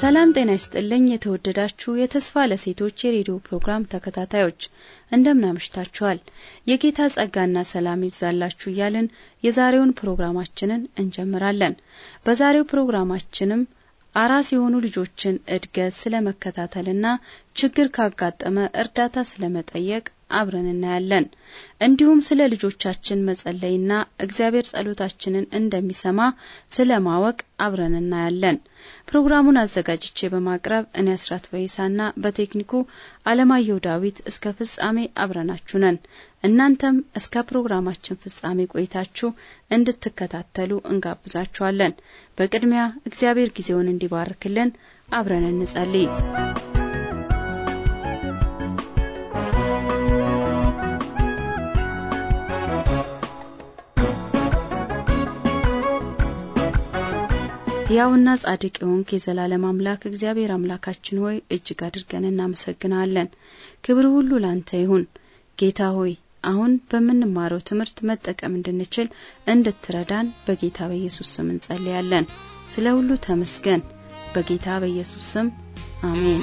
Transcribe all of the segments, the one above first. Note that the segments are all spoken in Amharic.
ሰላም ጤና ይስጥልኝ። የተወደዳችሁ የተስፋ ለሴቶች የሬዲዮ ፕሮግራም ተከታታዮች እንደምን አምሽታችኋል? የጌታ ጸጋና ሰላም ይብዛላችሁ እያልን የዛሬውን ፕሮግራማችንን እንጀምራለን። በዛሬው ፕሮግራማችንም አራስ የሆኑ ልጆችን እድገት ስለመከታተልና ችግር ካጋጠመ እርዳታ ስለመጠየቅ አብረን እናያለን። እንዲሁም ስለ ልጆቻችን መጸለይና እግዚአብሔር ጸሎታችንን እንደሚሰማ ስለ ማወቅ አብረን እናያለን። ፕሮግራሙን አዘጋጅቼ በማቅረብ እኔ አስራት በይሳና በቴክኒኩ አለማየሁ ዳዊት እስከ ፍጻሜ አብረናችሁ ነን። እናንተም እስከ ፕሮግራማችን ፍጻሜ ቆይታችሁ እንድትከታተሉ እንጋብዛችኋለን። በቅድሚያ እግዚአብሔር ጊዜውን እንዲባርክልን አብረን እንጸልይ። ሕያውና ጻድቅ የሆንክ የዘላለም አምላክ እግዚአብሔር አምላካችን ሆይ እጅግ አድርገን እናመሰግናለን። ክብር ሁሉ ላንተ ይሁን ጌታ ሆይ አሁን በምንማረው ትምህርት መጠቀም እንድንችል እንድትረዳን በጌታ በኢየሱስ ስም እንጸልያለን። ስለ ሁሉ ተመስገን። በጌታ በኢየሱስ ስም አሜን።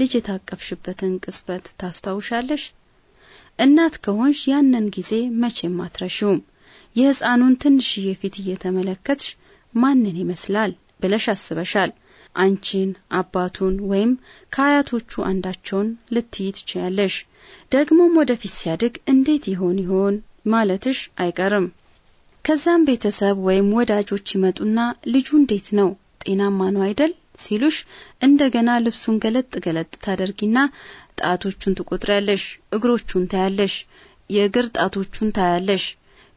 ልጅ የታቀፍሽበትን ቅጽበት ታስታውሻለሽ? እናት ከሆንሽ ያንን ጊዜ መቼም አትረሺውም። የሕፃኑን ትንሽዬ ፊት እየተመለከትሽ ማንን ይመስላል ብለሽ አስበሻል። አንቺን፣ አባቱን ወይም ከአያቶቹ አንዳቸውን ልትይ ትችያለሽ። ደግሞም ወደፊት ሲያድግ እንዴት ይሆን ይሆን ማለትሽ አይቀርም። ከዛም ቤተሰብ ወይም ወዳጆች ይመጡና ልጁ እንዴት ነው? ጤናማ ነው አይደል? ሲሉሽ እንደገና ልብሱን ገለጥ ገለጥ ታደርጊና ጣቶቹን ትቆጥሪያለሽ፣ እግሮቹን ታያለሽ፣ የእግር ጣቶቹን ታያለሽ።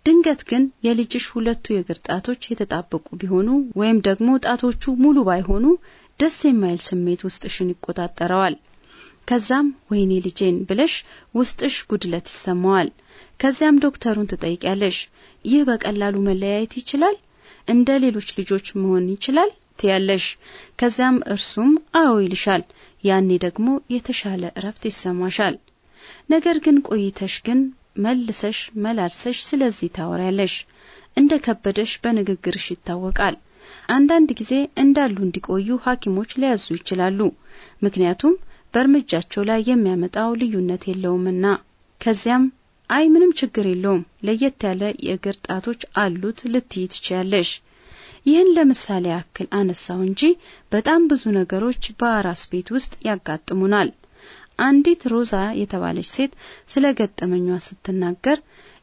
ድንገት ግን የልጅሽ ሁለቱ የእግር ጣቶች የተጣበቁ ቢሆኑ ወይም ደግሞ ጣቶቹ ሙሉ ባይሆኑ ደስ የማይል ስሜት ውስጥሽን ይቆጣጠረዋል። ከዛም ወይኔ ልጄን ብለሽ ውስጥሽ ጉድለት ይሰማዋል። ከዚያም ዶክተሩን ትጠይቂያለሽ። ይህ በቀላሉ መለያየት ይችላል? እንደ ሌሎች ልጆች መሆን ይችላል? ትያለሽ። ከዚያም እርሱም አዎ ይልሻል። ያኔ ደግሞ የተሻለ እረፍት ይሰማሻል። ነገር ግን ቆይተሽ ግን መልሰሽ መላልሰሽ ስለዚህ ታወሪያለሽ። እንደ ከበደሽ በንግግርሽ ይታወቃል። አንዳንድ ጊዜ እንዳሉ እንዲቆዩ ሐኪሞች ሊያዙ ይችላሉ። ምክንያቱም በእርምጃቸው ላይ የሚያመጣው ልዩነት የለውምና። ከዚያም አይ ምንም ችግር የለውም ለየት ያለ የእግር ጣቶች አሉት ልትይ ትችያለሽ። ይህን ለምሳሌ ያክል አነሳው እንጂ በጣም ብዙ ነገሮች በአራስ ቤት ውስጥ ያጋጥሙናል። አንዲት ሮዛ የተባለች ሴት ስለ ገጠመኛ ስትናገር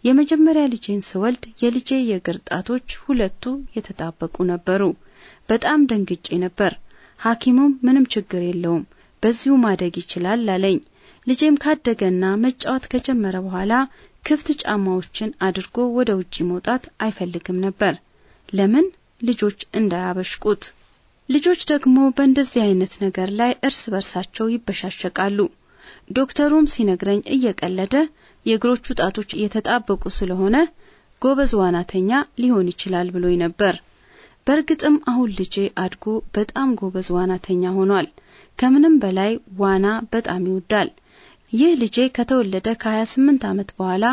የመጀመሪያ ልጄን ስወልድ የልጄ የእግር ጣቶች ሁለቱ የተጣበቁ ነበሩ። በጣም ደንግጬ ነበር። ሐኪሙም ምንም ችግር የለውም በዚሁ ማደግ ይችላል አለኝ። ልጄም ካደገና መጫወት ከጀመረ በኋላ ክፍት ጫማዎችን አድርጎ ወደ ውጪ መውጣት አይፈልግም ነበር። ለምን ልጆች እንዳያበሽቁት። ልጆች ደግሞ በእንደዚህ አይነት ነገር ላይ እርስ በርሳቸው ይበሻሸቃሉ። ዶክተሩም ሲነግረኝ እየቀለደ የእግሮቹ ጣቶች እየተጣበቁ ስለሆነ ጎበዝ ዋናተኛ ሊሆን ይችላል ብሎኝ ነበር። በእርግጥም አሁን ልጄ አድጎ በጣም ጎበዝ ዋናተኛ ሆኗል። ከምንም በላይ ዋና በጣም ይወዳል። ይህ ልጄ ከተወለደ ከ28 ዓመት በኋላ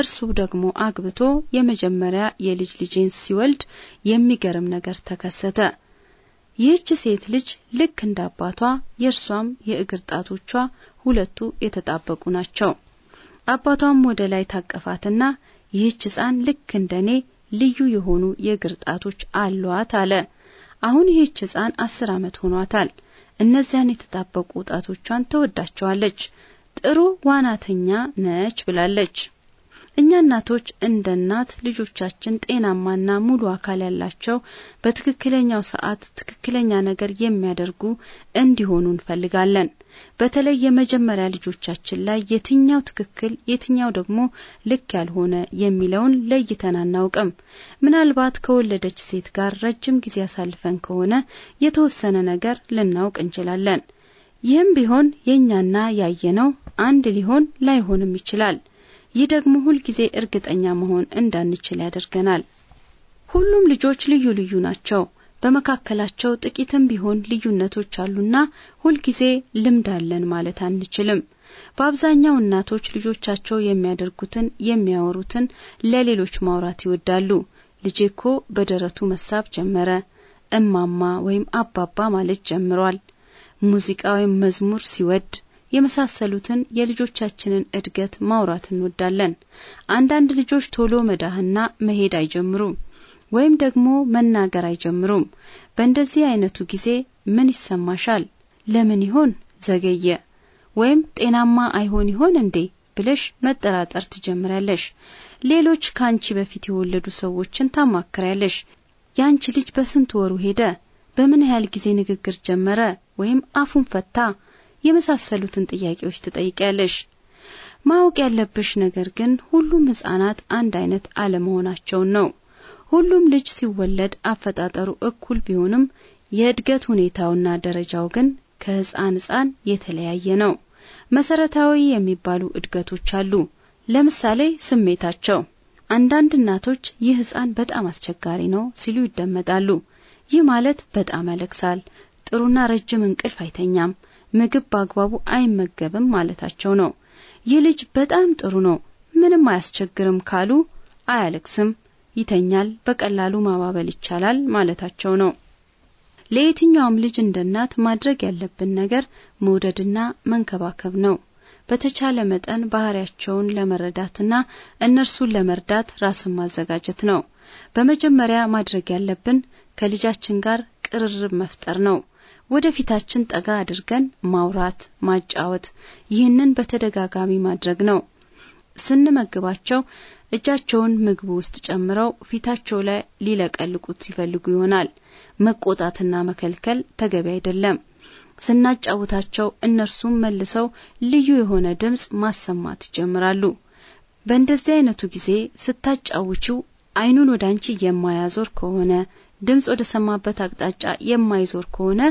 እርሱ ደግሞ አግብቶ የመጀመሪያ የልጅ ልጄን ሲወልድ የሚገርም ነገር ተከሰተ። ይህች ሴት ልጅ ልክ እንደ አባቷ የእርሷም የእግር ጣቶቿ ሁለቱ የተጣበቁ ናቸው። አባቷም ወደ ላይ ታቀፋትና ይህች ሕፃን ልክ እንደ እኔ ልዩ የሆኑ የእግር ጣቶች አሏት አለ። አሁን ይህች ሕፃን አስር ዓመት ሆኗታል። እነዚያን የተጣበቁ ጣቶቿን ትወዳቸዋለች። ጥሩ ዋናተኛ ነች ብላለች። እኛ እናቶች እንደ እናት ልጆቻችን ጤናማና ሙሉ አካል ያላቸው በትክክለኛው ሰዓት ትክክለኛ ነገር የሚያደርጉ እንዲሆኑ እንፈልጋለን። በተለይ የመጀመሪያ ልጆቻችን ላይ የትኛው ትክክል የትኛው ደግሞ ልክ ያልሆነ የሚለውን ለይተን አናውቅም። ምናልባት ከወለደች ሴት ጋር ረጅም ጊዜ አሳልፈን ከሆነ የተወሰነ ነገር ልናውቅ እንችላለን። ይህም ቢሆን የእኛና ያየነው አንድ ሊሆን ላይሆንም ይችላል። ይህ ደግሞ ሁልጊዜ እርግጠኛ መሆን እንዳንችል ያደርገናል። ሁሉም ልጆች ልዩ ልዩ ናቸው። በመካከላቸው ጥቂትም ቢሆን ልዩነቶች አሉና ሁልጊዜ ልምድ አለን ማለት አንችልም። በአብዛኛው እናቶች ልጆቻቸው የሚያደርጉትን የሚያወሩትን ለሌሎች ማውራት ይወዳሉ። ልጄ በደረቱ መሳብ ጀመረ፣ እማማ ወይም አባባ ማለት ጀምሯል ሙዚቃ ወይም መዝሙር ሲወድ የመሳሰሉትን የልጆቻችንን እድገት ማውራት እንወዳለን። አንዳንድ ልጆች ቶሎ መዳህና መሄድ አይጀምሩም ወይም ደግሞ መናገር አይጀምሩም። በእንደዚህ አይነቱ ጊዜ ምን ይሰማሻል? ለምን ይሆን ዘገየ? ወይም ጤናማ አይሆን ይሆን እንዴ ብለሽ መጠራጠር ትጀምሪያለሽ። ሌሎች ከአንቺ በፊት የወለዱ ሰዎችን ታማክሪያለሽ። ያንቺ ልጅ በስንት ወሩ ሄደ? በምን ያህል ጊዜ ንግግር ጀመረ ወይም አፉን ፈታ የመሳሰሉትን ጥያቄዎች ትጠይቂያለሽ። ማወቅ ያለብሽ ነገር ግን ሁሉም ሕፃናት አንድ አይነት አለመሆናቸውን ነው። ሁሉም ልጅ ሲወለድ አፈጣጠሩ እኩል ቢሆንም የእድገት ሁኔታውና ደረጃው ግን ከሕፃን ሕፃን የተለያየ ነው። መሰረታዊ የሚባሉ እድገቶች አሉ። ለምሳሌ ስሜታቸው። አንዳንድ እናቶች ይህ ሕፃን በጣም አስቸጋሪ ነው ሲሉ ይደመጣሉ። ይህ ማለት በጣም ያለቅሳል፣ ጥሩና ረጅም እንቅልፍ አይተኛም፣ ምግብ በአግባቡ አይመገብም ማለታቸው ነው። ይህ ልጅ በጣም ጥሩ ነው፣ ምንም አያስቸግርም ካሉ አያለቅስም፣ ይተኛል፣ በቀላሉ ማባበል ይቻላል ማለታቸው ነው። ለየትኛውም ልጅ እንደ እናት ማድረግ ያለብን ነገር መውደድና መንከባከብ ነው። በተቻለ መጠን ባህሪያቸውን ለመረዳትና እነርሱን ለመርዳት ራስን ማዘጋጀት ነው። በመጀመሪያ ማድረግ ያለብን ከልጃችን ጋር ቅርርብ መፍጠር ነው። ወደ ፊታችን ጠጋ አድርገን ማውራት፣ ማጫወት፣ ይህንን በተደጋጋሚ ማድረግ ነው። ስንመግባቸው እጃቸውን ምግቡ ውስጥ ጨምረው ፊታቸው ላይ ሊለቀልቁት ይፈልጉ ይሆናል። መቆጣትና መከልከል ተገቢ አይደለም። ስናጫውታቸው እነርሱም መልሰው ልዩ የሆነ ድምፅ ማሰማት ይጀምራሉ። በእንደዚህ አይነቱ ጊዜ ስታጫውቺው አይኑን ወደ አንቺ የማያዞር ከሆነ ድምፅ ወደ ሰማበት አቅጣጫ የማይዞር ከሆነ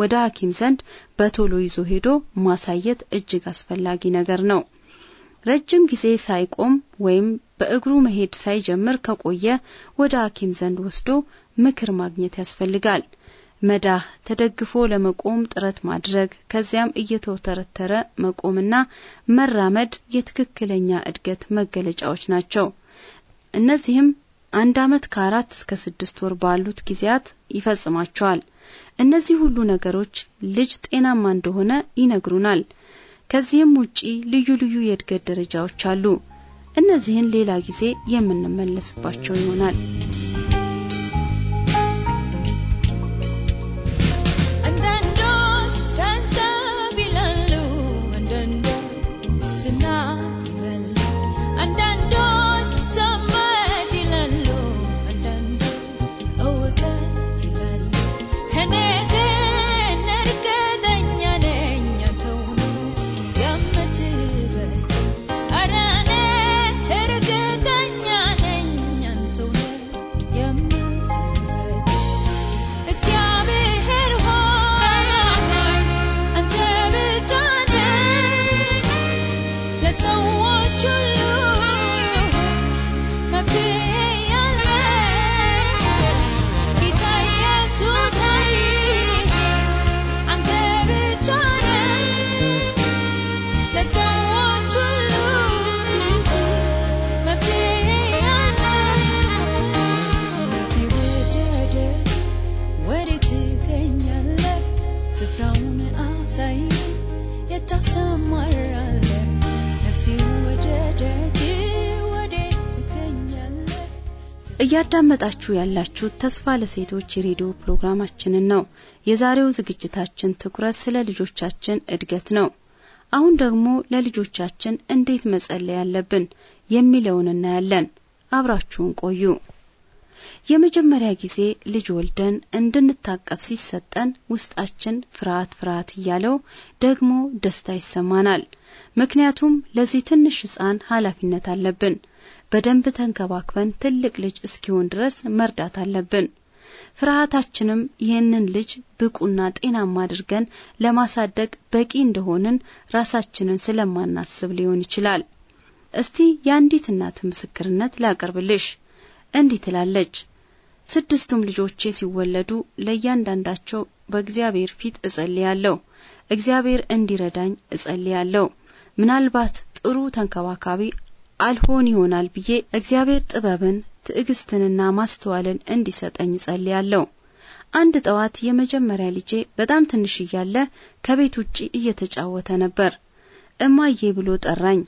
ወደ ሐኪም ዘንድ በቶሎ ይዞ ሄዶ ማሳየት እጅግ አስፈላጊ ነገር ነው። ረጅም ጊዜ ሳይቆም ወይም በእግሩ መሄድ ሳይጀምር ከቆየ ወደ ሐኪም ዘንድ ወስዶ ምክር ማግኘት ያስፈልጋል። መዳህ ተደግፎ ለመቆም ጥረት ማድረግ ከዚያም እየተወተረተረ መቆምና መራመድ የትክክለኛ እድገት መገለጫዎች ናቸው። እነዚህም አንድ ዓመት ከአራት እስከ ስድስት ወር ባሉት ጊዜያት ይፈጽማቸዋል። እነዚህ ሁሉ ነገሮች ልጅ ጤናማ እንደሆነ ይነግሩናል። ከዚህም ውጪ ልዩ ልዩ የእድገት ደረጃዎች አሉ። እነዚህን ሌላ ጊዜ የምንመለስባቸው ይሆናል። እያደመጣችሁ ያላችሁ ተስፋ ለሴቶች የሬዲዮ ፕሮግራማችንን ነው። የዛሬው ዝግጅታችን ትኩረት ስለ ልጆቻችን እድገት ነው። አሁን ደግሞ ለልጆቻችን እንዴት መጸለይ ያለብን የሚለውን እናያለን። አብራችሁን ቆዩ። የመጀመሪያ ጊዜ ልጅ ወልደን እንድንታቀፍ ሲሰጠን ውስጣችን ፍርሃት ፍርሃት እያለው ደግሞ ደስታ ይሰማናል። ምክንያቱም ለዚህ ትንሽ ሕፃን ኃላፊነት አለብን። በደንብ ተንከባክበን ትልቅ ልጅ እስኪሆን ድረስ መርዳት አለብን። ፍርሃታችንም ይህንን ልጅ ብቁና ጤናማ አድርገን ለማሳደግ በቂ እንደሆንን ራሳችንን ስለማናስብ ሊሆን ይችላል። እስቲ የአንዲት እናት ምስክርነት ላቀርብልሽ። እንዲህ ትላለች። ስድስቱም ልጆቼ ሲወለዱ ለእያንዳንዳቸው በእግዚአብሔር ፊት እጸልያለሁ። እግዚአብሔር እንዲረዳኝ እጸልያለሁ። ምናልባት ጥሩ ተንከባካቢ አልሆን ይሆናል ብዬ እግዚአብሔር ጥበብን ትዕግስትንና ማስተዋልን እንዲሰጠኝ ጸልያለሁ። አንድ ጠዋት የመጀመሪያ ልጄ በጣም ትንሽ እያለ ከቤት ውጪ እየተጫወተ ነበር። እማዬ ብሎ ጠራኝ።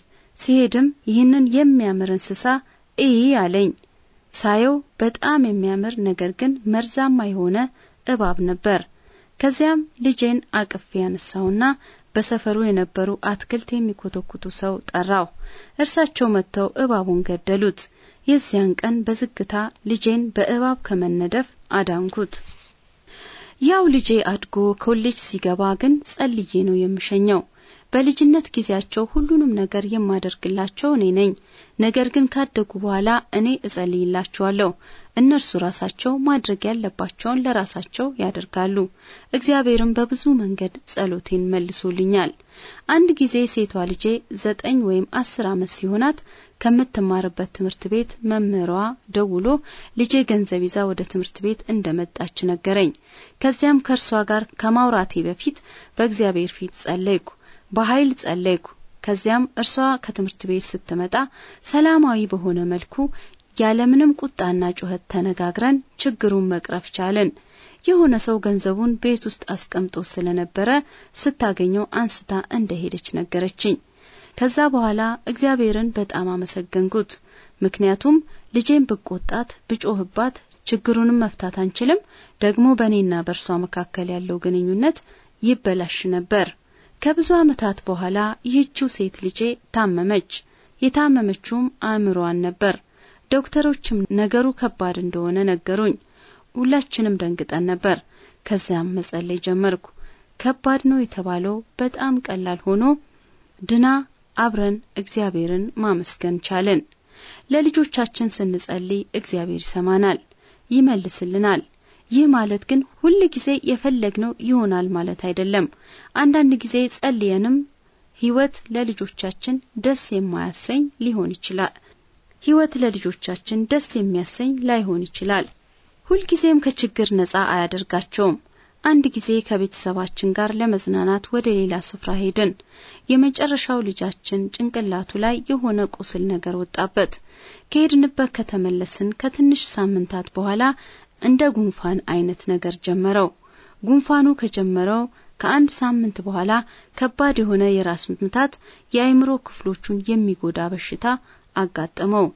ሲሄድም ይህንን የሚያምር እንስሳ እይ አለኝ። ሳየው በጣም የሚያምር ነገር ግን መርዛማ የሆነ እባብ ነበር። ከዚያም ልጄን አቅፌ ያነሳውና በሰፈሩ የነበሩ አትክልት የሚኮተኩቱ ሰው ጠራው። እርሳቸው መጥተው እባቡን ገደሉት። የዚያን ቀን በዝግታ ልጄን በእባብ ከመነደፍ አዳንኩት። ያው ልጄ አድጎ ኮሌጅ ሲገባ ግን ጸልዬ ነው የምሸኘው። በልጅነት ጊዜያቸው ሁሉንም ነገር የማደርግላቸው እኔ ነኝ። ነገር ግን ካደጉ በኋላ እኔ እጸልይላቸዋለሁ፣ እነርሱ ራሳቸው ማድረግ ያለባቸውን ለራሳቸው ያደርጋሉ። እግዚአብሔርም በብዙ መንገድ ጸሎቴን መልሶልኛል። አንድ ጊዜ ሴቷ ልጄ ዘጠኝ ወይም አስር ዓመት ሲሆናት ከምትማርበት ትምህርት ቤት መምህሯ ደውሎ ልጄ ገንዘብ ይዛ ወደ ትምህርት ቤት እንደመጣች ነገረኝ። ከዚያም ከእርሷ ጋር ከማውራቴ በፊት በእግዚአብሔር ፊት ጸለይኩ። በኃይል ጸለይኩ። ከዚያም እርሷ ከትምህርት ቤት ስትመጣ ሰላማዊ በሆነ መልኩ ያለምንም ቁጣና ጩኸት ተነጋግረን ችግሩን መቅረፍ ቻልን። የሆነ ሰው ገንዘቡን ቤት ውስጥ አስቀምጦ ስለነበረ ስታገኘው አንስታ እንደሄደች ነገረችኝ። ከዛ በኋላ እግዚአብሔርን በጣም አመሰገንኩት። ምክንያቱም ልጄን ብቆጣት፣ ብጮህባት ችግሩንም መፍታት አንችልም፣ ደግሞ በእኔና በእርሷ መካከል ያለው ግንኙነት ይበላሽ ነበር። ከብዙ ዓመታት በኋላ ይህችው ሴት ልጄ ታመመች። የታመመችውም አእምሮዋን ነበር። ዶክተሮችም ነገሩ ከባድ እንደሆነ ነገሩኝ። ሁላችንም ደንግጠን ነበር። ከዚያም መጸለይ ጀመርኩ። ከባድ ነው የተባለው በጣም ቀላል ሆኖ ድና አብረን እግዚአብሔርን ማመስገን ቻለን። ለልጆቻችን ስንጸልይ እግዚአብሔር ይሰማናል፣ ይመልስልናል። ይህ ማለት ግን ሁል ጊዜ የፈለግነው ይሆናል ማለት አይደለም። አንዳንድ ጊዜ ጸልየንም ህይወት ለልጆቻችን ደስ የማያሰኝ ሊሆን ይችላል። ህይወት ለልጆቻችን ደስ የሚያሰኝ ላይሆን ይችላል። ሁልጊዜም ከችግር ነጻ አያደርጋቸውም። አንድ ጊዜ ከቤተሰባችን ጋር ለመዝናናት ወደ ሌላ ስፍራ ሄድን። የመጨረሻው ልጃችን ጭንቅላቱ ላይ የሆነ ቁስል ነገር ወጣበት። ከሄድንበት ከተመለስን ከትንሽ ሳምንታት በኋላ እንደ ጉንፋን አይነት ነገር ጀመረው። ጉንፋኑ ከጀመረው ከአንድ ሳምንት በኋላ ከባድ የሆነ የራስ ምታት የአይምሮ ክፍሎቹን የሚጎዳ በሽታ አጋጠመው።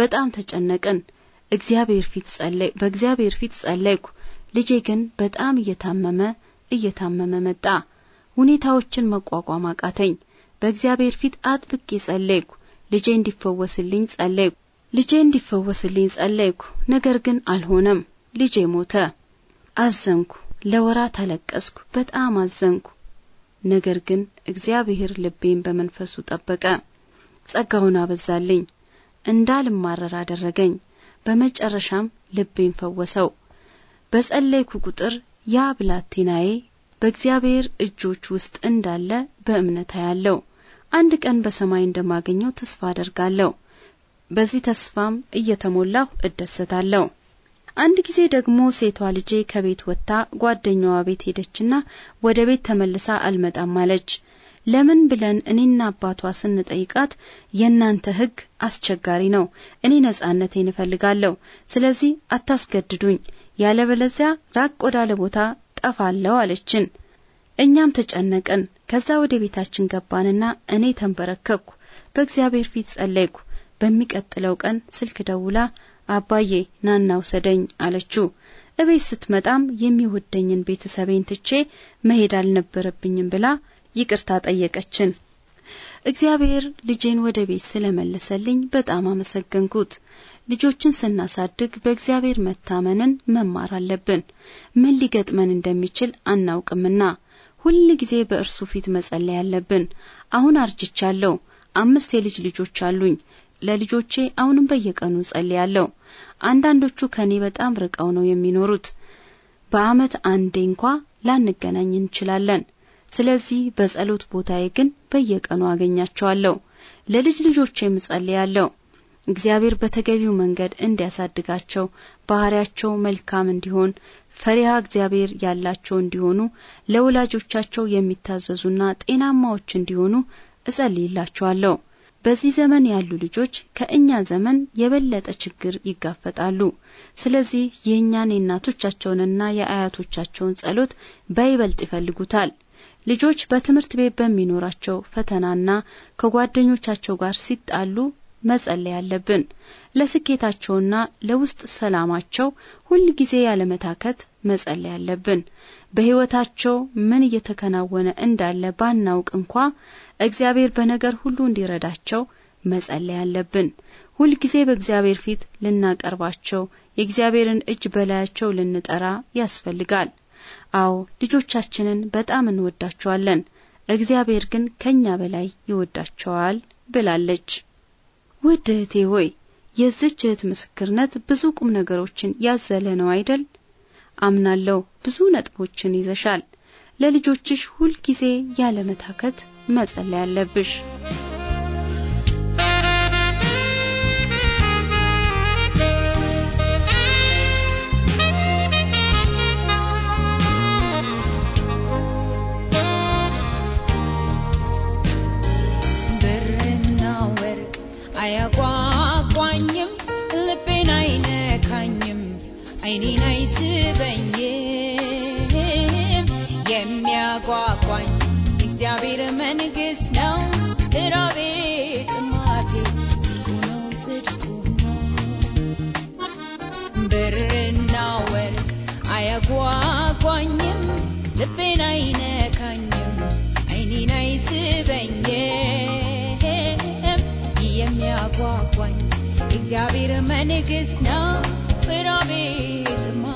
በጣም ተጨነቅን። እግዚአብሔር ፊት ጸለይ በእግዚአብሔር ፊት ጸለይኩ። ልጄ ግን በጣም እየታመመ እየታመመ መጣ። ሁኔታዎችን መቋቋም አቃተኝ። በእግዚአብሔር ፊት አጥብቄ ጸለይኩ። ልጄ እንዲፈወስልኝ ጸለይኩ ልጄ እንዲፈወስልኝ ጸለይኩ። ነገር ግን አልሆነም። ልጄ ሞተ። አዘንኩ፣ ለወራት አለቀስኩ፣ በጣም አዘንኩ። ነገር ግን እግዚአብሔር ልቤን በመንፈሱ ጠበቀ፣ ጸጋውን አበዛልኝ፣ እንዳልማረር አደረገኝ። በመጨረሻም ልቤን ፈወሰው። በጸለይኩ ቁጥር ያ ብላቴናዬ በእግዚአብሔር እጆች ውስጥ እንዳለ በእምነት አያለው። አንድ ቀን በሰማይ እንደማገኘው ተስፋ አደርጋለሁ። በዚህ ተስፋም እየተሞላሁ እደሰታለሁ። አንድ ጊዜ ደግሞ ሴቷ ልጄ ከቤት ወጥታ ጓደኛዋ ቤት ሄደችና ወደ ቤት ተመልሳ አልመጣም አለች። ለምን ብለን እኔና አባቷ ስንጠይቃት የእናንተ ሕግ አስቸጋሪ ነው፣ እኔ ነጻነቴን እፈልጋለሁ፣ ስለዚህ አታስገድዱኝ፣ ያለበለዚያ ራቅ ወዳለ ቦታ ጠፋለሁ አለችን። እኛም ተጨነቅን። ከዛ ወደ ቤታችን ገባንና እኔ ተንበረከኩ፣ በእግዚአብሔር ፊት ጸለይኩ። በሚቀጥለው ቀን ስልክ ደውላ አባዬ ናና ውሰደኝ አለችው። እቤት ስትመጣም የሚወደኝን ቤተሰቤን ትቼ መሄድ አልነበረብኝም ብላ ይቅርታ ጠየቀችን። እግዚአብሔር ልጄን ወደ ቤት ስለመለሰልኝ በጣም አመሰገንኩት። ልጆችን ስናሳድግ በእግዚአብሔር መታመንን መማር አለብን። ምን ሊገጥመን እንደሚችል አናውቅምና ሁል ጊዜ በእርሱ ፊት መጸለይ አለብን። አሁን አርጅቻለሁ። አምስት የልጅ ልጆች አሉኝ። ለልጆቼ አሁንም በየቀኑ ጸልያለሁ። አንዳንዶቹ ከኔ በጣም ርቀው ነው የሚኖሩት። በአመት አንዴ እንኳ ላንገናኝ እንችላለን። ስለዚህ በጸሎት ቦታዬ ግን በየቀኑ አገኛቸዋለሁ። ለልጅ ልጆቼም እጸልያለሁ እግዚአብሔር በተገቢው መንገድ እንዲያሳድጋቸው፣ ባህሪያቸው መልካም እንዲሆን፣ ፈሪሃ እግዚአብሔር ያላቸው እንዲሆኑ፣ ለወላጆቻቸው የሚታዘዙና ጤናማዎች እንዲሆኑ እጸልይላቸዋለሁ። በዚህ ዘመን ያሉ ልጆች ከእኛ ዘመን የበለጠ ችግር ይጋፈጣሉ። ስለዚህ የእኛን የእናቶቻቸውንና የአያቶቻቸውን ጸሎት በይበልጥ ይፈልጉታል። ልጆች በትምህርት ቤት በሚኖራቸው ፈተናና ከጓደኞቻቸው ጋር ሲጣሉ መጸለይ አለብን። ለስኬታቸውና ለውስጥ ሰላማቸው ሁልጊዜ ያለመታከት መጸለይ አለብን። በሕይወታቸው ምን እየተከናወነ እንዳለ ባናውቅ እንኳ እግዚአብሔር በነገር ሁሉ እንዲረዳቸው መጸለይ አለብን። ሁልጊዜ በእግዚአብሔር ፊት ልናቀርባቸው የእግዚአብሔርን እጅ በላያቸው ልንጠራ ያስፈልጋል። አዎ ልጆቻችንን በጣም እንወዳቸዋለን፣ እግዚአብሔር ግን ከኛ በላይ ይወዳቸዋል ብላለች። ውድ እህቴ ሆይ የዚች እህት ምስክርነት ብዙ ቁም ነገሮችን ያዘለ ነው አይደል? አምናለሁ ብዙ ነጥቦችን ይዘሻል። ለልጆችሽ ሁልጊዜ ያለመታከት መጸለይ አለብሽ። አይነካኝም አይኔን የሚያጓጓኝ እግዚአብሔር መንግሥት ነው ፍራ ቤትማ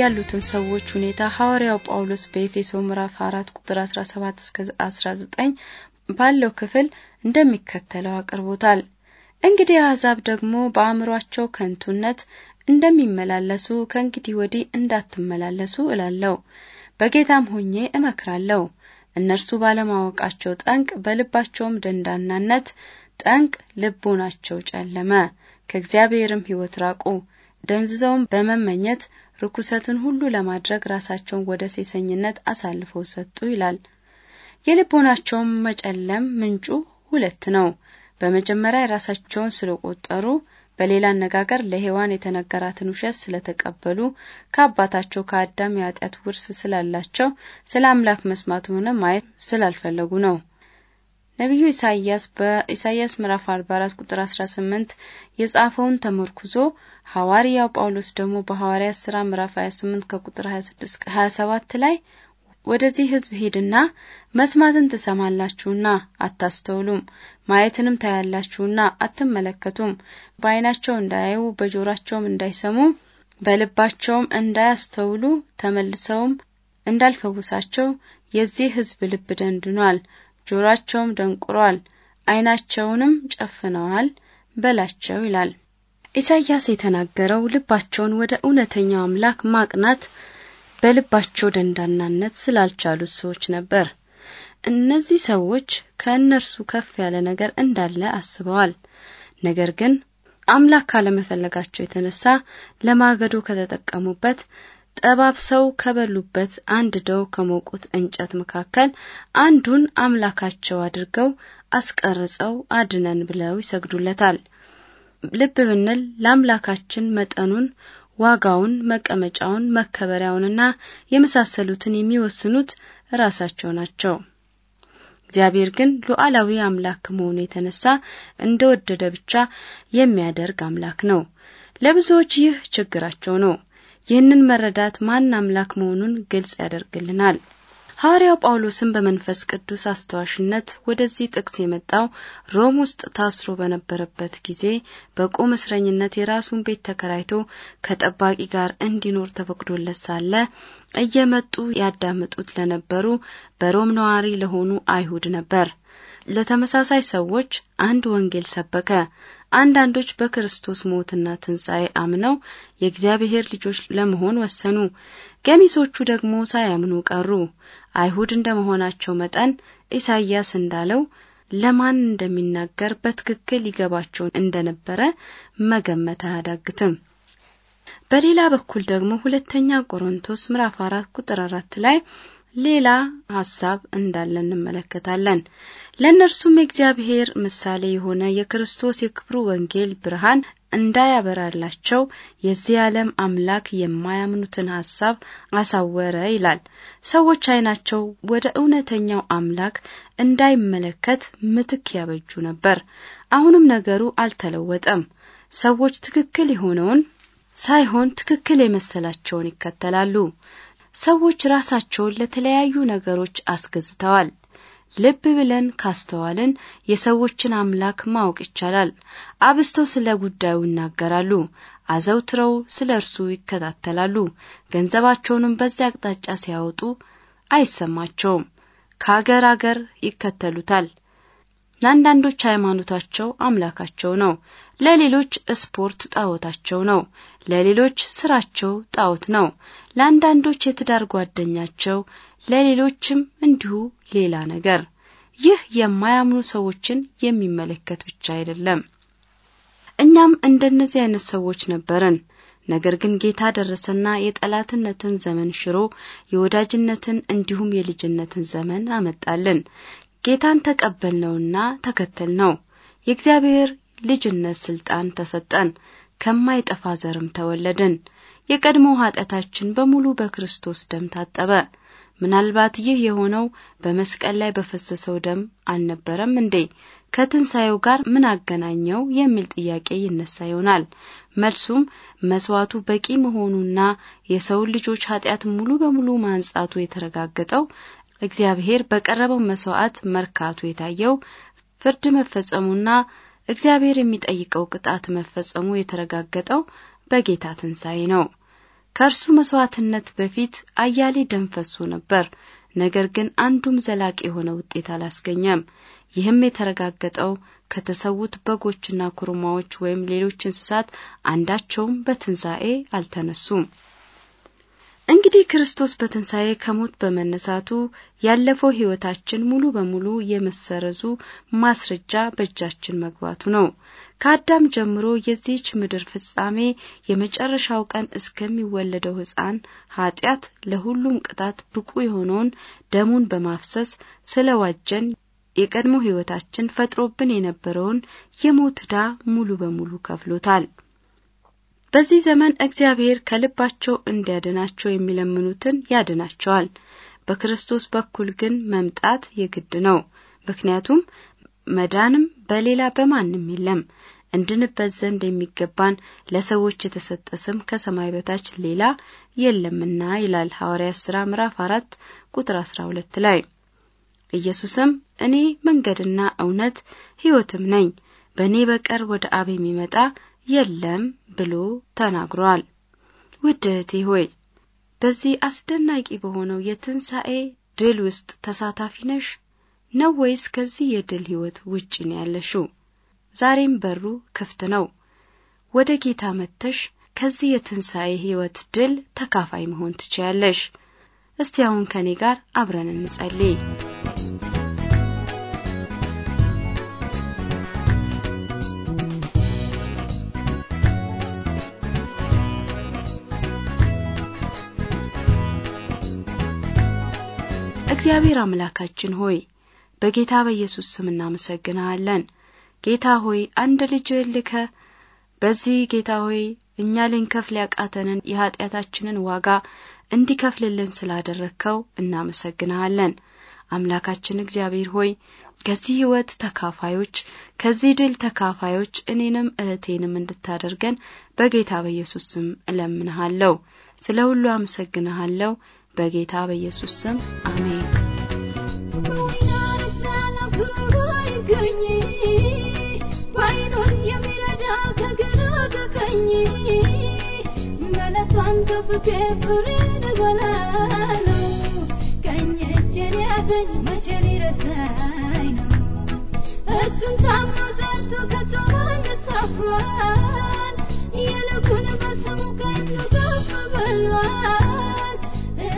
ያሉትን ሰዎች ሁኔታ ሐዋርያው ጳውሎስ በኤፌሶ ምዕራፍ 4 ቁጥር 17 እስከ 19 ባለው ክፍል እንደሚከተለው አቅርቦታል። እንግዲህ አሕዛብ ደግሞ በአእምሯቸው ከንቱነት እንደሚመላለሱ ከእንግዲህ ወዲህ እንዳትመላለሱ እላለሁ፣ በጌታም ሆኜ እመክራለሁ። እነርሱ ባለማወቃቸው ጠንቅ፣ በልባቸውም ደንዳናነት ጠንቅ ልቦናቸው ጨለመ፣ ከእግዚአብሔርም ሕይወት ራቁ፣ ደንዝዘውም በመመኘት ርኩሰትን ሁሉ ለማድረግ ራሳቸውን ወደ ሴሰኝነት አሳልፈው ሰጡ ይላል። የልቦናቸውም መጨለም ምንጩ ሁለት ነው። በመጀመሪያ የራሳቸውን ስለቆጠሩ፣ በሌላ አነጋገር ለሔዋን የተነገራትን ውሸት ስለተቀበሉ፣ ከአባታቸው ከአዳም የኃጢአት ውርስ ስላላቸው ስለ አምላክ መስማት ሆነ ማየት ስላልፈለጉ ነው። ነቢዩ ኢሳይያስ በኢሳይያስ ምዕራፍ 44 ቁጥር 18 የጻፈውን ተመርኩዞ ሐዋርያው ጳውሎስ ደግሞ በሐዋርያ ሥራ ምዕራፍ 28 ከቁጥር 26 27 ላይ ወደዚህ ሕዝብ ሂድና መስማትን ትሰማላችሁና አታስተውሉም፣ ማየትንም ታያላችሁና አትመለከቱም፣ በዓይናቸው እንዳያዩ በጆሯቸውም እንዳይሰሙ በልባቸውም እንዳያስተውሉ ተመልሰውም እንዳልፈውሳቸው የዚህ ሕዝብ ልብ ደንድኗል ጆሮአቸውም ደንቁሯል፣ አይናቸውንም ጨፍነዋል በላቸው ይላል። ኢሳይያስ የተናገረው ልባቸውን ወደ እውነተኛው አምላክ ማቅናት በልባቸው ደንዳናነት ስላልቻሉት ሰዎች ነበር። እነዚህ ሰዎች ከእነርሱ ከፍ ያለ ነገር እንዳለ አስበዋል። ነገር ግን አምላክ ካለመፈለጋቸው የተነሳ ለማገዶ ከተጠቀሙበት ጠባብሰው ከበሉበት አንድደው ከሞቁት እንጨት መካከል አንዱን አምላካቸው አድርገው አስቀርጸው አድነን ብለው ይሰግዱለታል። ልብ ብንል ለአምላካችን መጠኑን፣ ዋጋውን፣ መቀመጫውን፣ መከበሪያውንና የመሳሰሉትን የሚወስኑት ራሳቸው ናቸው። እግዚአብሔር ግን ሉዓላዊ አምላክ መሆኑ የተነሳ እንደወደደ ብቻ የሚያደርግ አምላክ ነው። ለብዙዎች ይህ ችግራቸው ነው። ይህንን መረዳት ማን አምላክ መሆኑን ግልጽ ያደርግልናል። ሐዋርያው ጳውሎስን በመንፈስ ቅዱስ አስታዋሽነት ወደዚህ ጥቅስ የመጣው ሮም ውስጥ ታስሮ በነበረበት ጊዜ በቁም እስረኝነት የራሱን ቤት ተከራይቶ ከጠባቂ ጋር እንዲኖር ተፈቅዶለት ሳለ እየመጡ ያዳምጡት ለነበሩ በሮም ነዋሪ ለሆኑ አይሁድ ነበር። ለተመሳሳይ ሰዎች አንድ ወንጌል ሰበከ። አንዳንዶች በክርስቶስ ሞትና ትንሣኤ አምነው የእግዚአብሔር ልጆች ለመሆን ወሰኑ። ገሚሶቹ ደግሞ ሳያምኑ ቀሩ። አይሁድ እንደ መሆናቸው መጠን ኢሳይያስ እንዳለው ለማን እንደሚናገር በትክክል ይገባቸው እንደነበረ መገመት አያዳግትም። በሌላ በኩል ደግሞ ሁለተኛ ቆሮንቶስ ምዕራፍ አራት ቁጥር አራት ላይ ሌላ ሐሳብ እንዳለ እንመለከታለን። ለእነርሱም የእግዚአብሔር ምሳሌ የሆነ የክርስቶስ የክብሩ ወንጌል ብርሃን እንዳያበራላቸው የዚህ ዓለም አምላክ የማያምኑትን ሐሳብ አሳወረ ይላል። ሰዎች ዓይናቸው ወደ እውነተኛው አምላክ እንዳይመለከት ምትክ ያበጁ ነበር። አሁንም ነገሩ አልተለወጠም። ሰዎች ትክክል የሆነውን ሳይሆን ትክክል የመሰላቸውን ይከተላሉ። ሰዎች ራሳቸውን ለተለያዩ ነገሮች አስገዝተዋል። ልብ ብለን ካስተዋልን የሰዎችን አምላክ ማወቅ ይቻላል። አብስተው ስለ ጉዳዩ ይናገራሉ፣ አዘውትረው ስለ እርሱ ይከታተላሉ። ገንዘባቸውንም በዚያ አቅጣጫ ሲያወጡ አይሰማቸውም። ከአገር አገር ይከተሉታል። ለአንዳንዶች ሃይማኖታቸው አምላካቸው ነው፣ ለሌሎች ስፖርት ጣዖታቸው ነው፣ ለሌሎች ስራቸው ጣዖት ነው፣ ለአንዳንዶች የትዳር ጓደኛቸው፣ ለሌሎችም እንዲሁ ሌላ ነገር። ይህ የማያምኑ ሰዎችን የሚመለከት ብቻ አይደለም። እኛም እንደነዚህ አይነት ሰዎች ነበርን። ነገር ግን ጌታ ደረሰና የጠላትነትን ዘመን ሽሮ የወዳጅነትን እንዲሁም የልጅነትን ዘመን አመጣልን። ጌታን ተቀበልነውና ተከተልነው። የእግዚአብሔር ልጅነት ስልጣን ተሰጠን፣ ከማይጠፋ ዘርም ተወለድን። የቀድሞ ኃጢአታችን በሙሉ በክርስቶስ ደም ታጠበ። ምናልባት ይህ የሆነው በመስቀል ላይ በፈሰሰው ደም አልነበረም እንዴ? ከትንሣኤው ጋር ምን አገናኘው የሚል ጥያቄ ይነሳ ይሆናል። መልሱም መስዋዕቱ በቂ መሆኑና የሰውን ልጆች ኃጢአት ሙሉ በሙሉ ማንጻቱ የተረጋገጠው እግዚአብሔር በቀረበው መስዋዕት መርካቱ የታየው ፍርድ መፈጸሙና እግዚአብሔር የሚጠይቀው ቅጣት መፈጸሙ የተረጋገጠው በጌታ ትንሣኤ ነው። ከእርሱ መስዋዕትነት በፊት አያሌ ደም ፈሶ ነበር። ነገር ግን አንዱም ዘላቂ የሆነ ውጤት አላስገኘም። ይህም የተረጋገጠው ከተሰዉት በጎችና ኩርማዎች ወይም ሌሎች እንስሳት አንዳቸውም በትንሣኤ አልተነሱም። እንግዲህ ክርስቶስ በትንሣኤ ከሞት በመነሳቱ ያለፈው ሕይወታችን ሙሉ በሙሉ የመሰረዙ ማስረጃ በእጃችን መግባቱ ነው። ከአዳም ጀምሮ የዚህች ምድር ፍጻሜ የመጨረሻው ቀን እስከሚወለደው ሕፃን ኃጢአት ለሁሉም ቅጣት ብቁ የሆነውን ደሙን በማፍሰስ ስለ ዋጀን የቀድሞ ሕይወታችን ፈጥሮብን የነበረውን የሞት ዕዳ ሙሉ በሙሉ ከፍሎታል። በዚህ ዘመን እግዚአብሔር ከልባቸው እንዲያድናቸው የሚለምኑትን ያድናቸዋል። በክርስቶስ በኩል ግን መምጣት የግድ ነው። ምክንያቱም መዳንም በሌላ በማንም የለም። እንድንበት ዘንድ የሚገባን ለሰዎች የተሰጠ ስም ከሰማይ በታች ሌላ የለምና ይላል ሐዋርያ ሥራ ምዕራፍ አራት ቁጥር አስራ ሁለት ላይ ኢየሱስም እኔ መንገድና እውነት ሕይወትም ነኝ፣ በእኔ በቀር ወደ አብ የሚመጣ የለም ብሎ ተናግሯል። ውድ እህቴ ሆይ በዚህ አስደናቂ በሆነው የትንሣኤ ድል ውስጥ ተሳታፊ ነሽ ነው ወይስ ከዚህ የድል ሕይወት ውጪ ነው ያለሽው? ዛሬም በሩ ክፍት ነው። ወደ ጌታ መጥተሽ ከዚህ የትንሣኤ ሕይወት ድል ተካፋይ መሆን ትችያለሽ። እስቲ አሁን ከእኔ ጋር አብረን እንጸልይ። እግዚአብሔር አምላካችን ሆይ በጌታ በኢየሱስ ስም እናመሰግናለን። ጌታ ሆይ አንድ ልጅ ልከ በዚህ ጌታ ሆይ እኛ ልንከፍል ያቃተንን የኃጢአታችንን ዋጋ እንዲከፍልልን ስላደረግከው እናመሰግናለን። አምላካችን እግዚአብሔር ሆይ ከዚህ ሕይወት ተካፋዮች ከዚህ ድል ተካፋዮች እኔንም እህቴንም እንድታደርገን በጌታ በኢየሱስ ስም እለምንሃለሁ። ስለ ሁሉ አመሰግንሃለሁ። በጌታ በኢየሱስ ስም አሜን። መለሷን ከብቴ ፍሬ ንበላሉ ቀኝ እጄን ያዘኝ መቼ ሊረሳኝ ነው እሱን ታምኖ ዘርቶ ከቶ ማን ሰፍሯል ይልቁን በስሙ ቀኙ ከፍ